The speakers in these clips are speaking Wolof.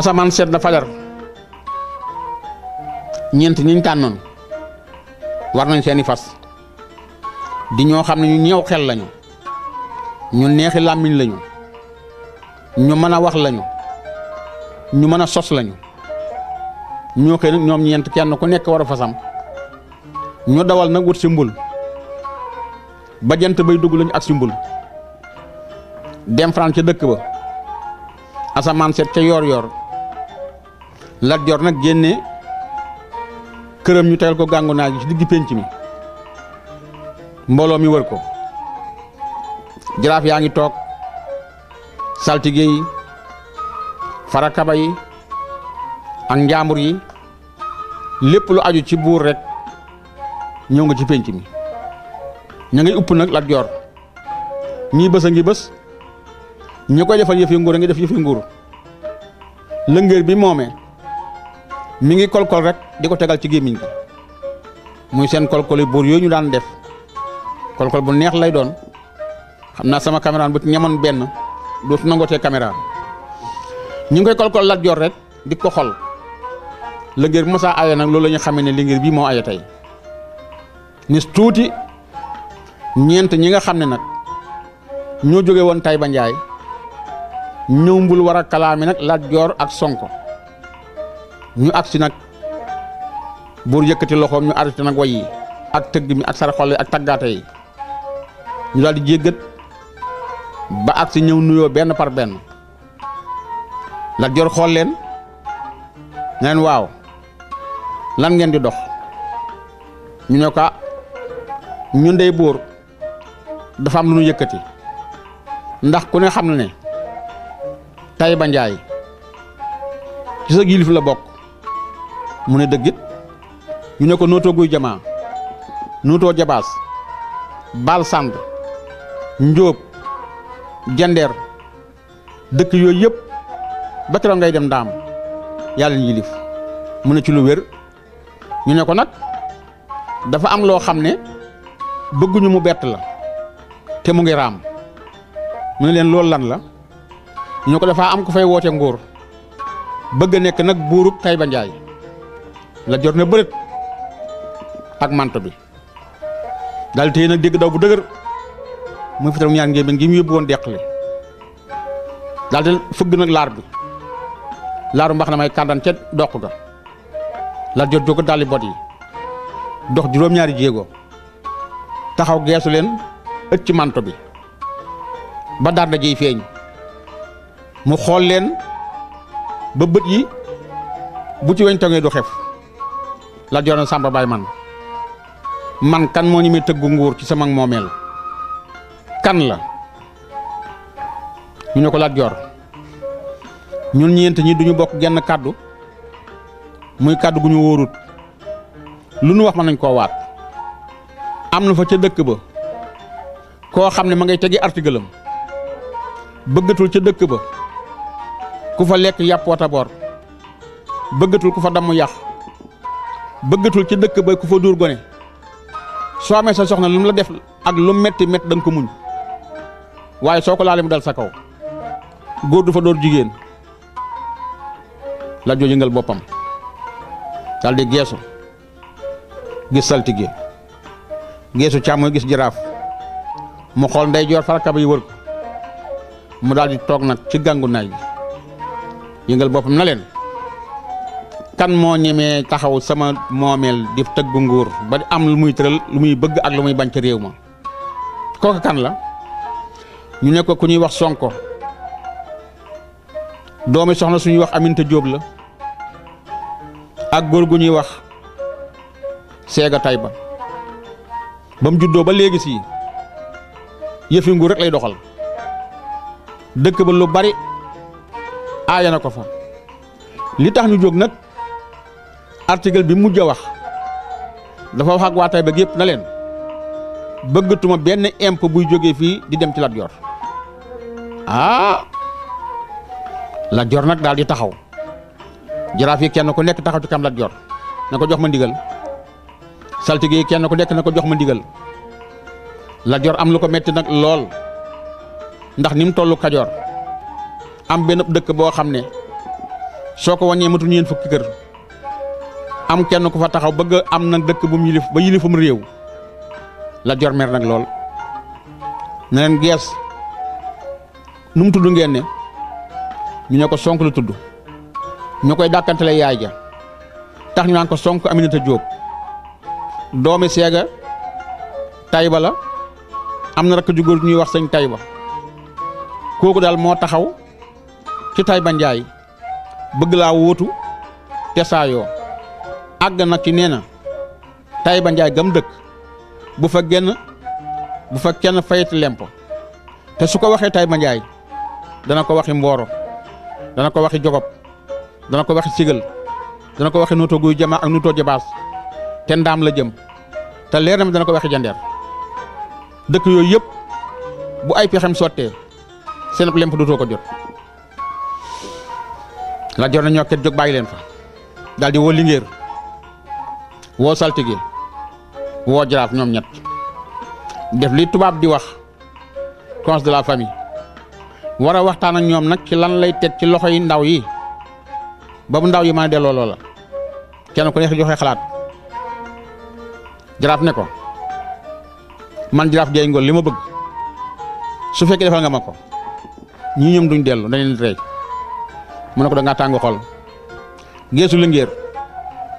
asamaan seet na fajar ñeenti ñiñ tànnoon war nañ seeni fas di ñoo xam ne ñu ñeew xel lañu ñu neexi làmmiñ lañu ñu mën a wax lañu ñu mën a sos lañu ñoo xëy ñoom ñeent kenn ku nekk war a fasam ñu dawal nag wut si mbul ba jënt bay dugg lañu ak si mbul dem France ca dëkk ba asamaan seet ca yoor yoor Lat Joor nag génne këram ñu tegal ko gàngu naa ci digg pénc mi mbooloo mi wër ko jaraaf yaa ngi toog saltige yi farakaba ak njaambur yi lépp lu aju ci buur rek ñëw nga ci pénc mi ña ngay upp nag Lat Joor ñii bës a ngi bës ñi koy defal yëfi nguur a ngi def yëfi nguur lëngéer bi moomee mi ngi kolkol rek di ko tegal ci gémmiñ gi muy seen kolkol buur yooyu ñu daan def kolkol bu neex lay doon xam naa sama caméra bu ci ñamoon benn dootu nangootee caméra ñu ngi koy kolkol Lat Joor rek di ko xol lëngéer bu mosaa aye nag loolu la ñu xamee ne lëngéer bii moo aye tey nis tuuti ñeent ñi nga xam ne nag ñoo jóge woon ba Njaay ñëw mbul war a kalaami nag Lat Joor ak Sonko ñu agsi nag buur yëkkati loxoom ñu arrêté nag way yi ak tëgg mi ak saraxole ak taggaate yi ñu daal di jéggat ba agsi ñëw nuyoo benn par benn Lat Joor xool leen leen waaw lan ngeen di dox ñu ne ko ah, ñun dey buur dafa am lu ñu yëkkati ndax ku ne xam na ne Tayba Njaay ci sa yilif la bokk mu ne dëggit ñu ne ko nootoo guy jamaa nootoo jabaas baal sànd njóob jandeer dëkk yooyu yëpp ba keroog ngay dem ndaam yàlla ñu yilif mu ne ci lu wér ñu ne ko nag dafa am loo xam ne bëgguñu mu bett la te mu ngi raam mu ne leen loolu lan la ñu ne ko dafa am ku fay woote nguur bëgg nekk nag buuru Tayba Njaay Lat Joor ne bërét ak manto bi daal tey nag dégg daw bu dëgër muy fitaram ñaar ngeen ngi mu yóbbu woon deqale daal di fëgg nag laar bi laaru mbax na may kàndan ca doq ga Lat jóg daal bot yi dox juróom-ñaari jéego taxaw geesu leen ëcc ci manto bi ba daar da jiy feeñ mu xool leen ba bët yi bu ci weñ tongee du xef Lat Joor na Samba Baye man man kan moo ñu may tëggu nguur ci sama moomeel kan la ñu ne ko Lat Joor ñun ñeent ñi duñu bokk genn kàddu muy kàddu gu ñu wóorut lu nu wax ma nañ koo waat am na fa ca dëkk ba koo xam ne ma ngay tegi article am bëggatul ca dëkk ba ku fa lekk yàpp wata boor bëggatul ku fa damm yàq bëggatul ci dëkk ba ku fa duur gone soo amee sa soxna lu mu la def ak lu metti métti da nga ko muñ waaye soo ko laalee mu dal sa kaw góor du fa door jigéen la joo yëngal boppam daal di geesu gis saltige geesu càmmooy gis jiraaf mu xool ndey joor farakab yi wër mu daal di toog nag ci gàngu naaj gi yëngal boppam na leen kan moo ñemee taxaw sama moomeel di tëgg nguur ba am lu muy tëral lu muy bëgg ak lu muy bañ ci réew ma kooku kan la ñu nekk ku ñuy wax Sonko doomi soxna suñuy wax Aminta Jóob la ak góor gu ñuy wax Séga Tayba ba mu juddoo ba léegi sii yëfi nguur rek lay doxal dëkk ba lu bari aaya na ko fa li tax ñu jóg nag article bi mujj a wax dafa wax ak waa Taïba na leen bëggatuma benn imp buy jógee fii di dem ci Lat Joor ah Lat Joor nag daal di taxaw jaraaf yi kenn ku nekk taxaw ci kam Lat Joor na ko jox ma ndigal saltige kenn ku nekk na ko jox ma ndigal Lat Joor am lu ko metti nag lool ndax ni mu toll Kajoor am benn dëkk boo xam ne soo ko wàññee matul ñeent fukki kër. am kenn ku fa taxaw bëgg am na dëkk bu mu yilif ba yilifum réew la jor mer nag lool ne leen gees nu tudd ngeen ne ñu ne ko sonk la tudd ñu koy dàkkantale yaay ja tax ñu naan ko sonk Aminata Diop doomi seega taybala am na rakk ju ñuy wax sëñ Tayba kooku daal moo taxaw ci Tayba Njaay bëgg laa wóotu te saayoo àgg na ci nee na Taïba Ndiaye gam dëkk bu fa genn bu fa kenn fayati lempo te su ko waxee Taïba Ndiaye dana ko waxi Mboro dana ko waxi Jogob dana ko waxi Sigal dana ko waxi Notto Gouye Diama ak Notto Diobass te ndaam la jëm te leer na mi dana ko waxi jandeer dëkk yooyu yëpp bu ay pexem sottee seen lemp dootoo ko jot la jor na ñoo ket jóg bàyyi leen fa daal di woo Linguère woo saltige woo jaraaf ñoom ñett def lii tubaab di wax congé de la famille war a waxtaan ak ñoom nag ci lan lay teg ci loxo yi ndaw yi ba bu ndaw yi mën a delloo loola kenn ku nekk joxe xalaat jaraaf ne ko man jaraaf Ndiaye Ngor li ma bëgg su fekkee defal nga ma ko ñii ñoom duñ dellu dañ leen rey mu ne ko da ngaa tàng xol geesu lëngéer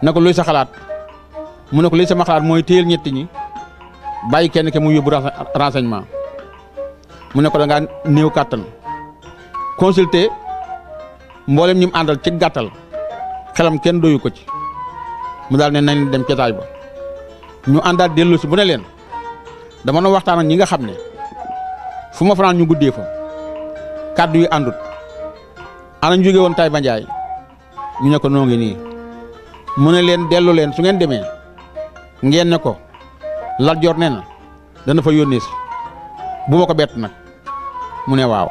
na ko luy sa xalaat. mu ne ko li sama xalaat mooy téyel ñetti bay kenn ke mu yóbbu renseignement mu ne ko da ngaa néew kàttan consulter mboolem ñi àndal ci gàttal xelam kenn doyu ko ci mu daal ne nañ dem ceetaay ba ñu àndaat dellu si bu ne leen dama na waxtaan ak ñi nga xam ne fu ma fanaan ñu guddee fa kàddu yi àndut ana ñu jóge woon Taïba Ndiaye ñu ko noo nii mu ne leen dellu leen su ngeen demee ngeen ne ko Lat Joor nee na dana fa yónnee si bu ma ko bett nag mu ne waaw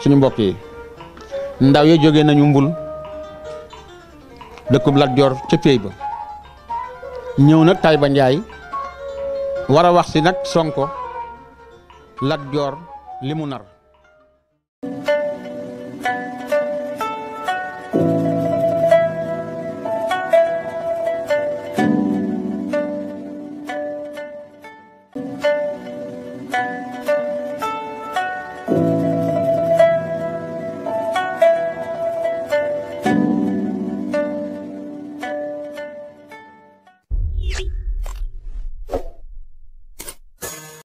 suñu mbokk yi ndaw ye jógee nañu mbul dëkkub Lat Joor ca péey ba ñëw nag Tayba Njaay war a wax si nag Sonko Lat Joor li mu nar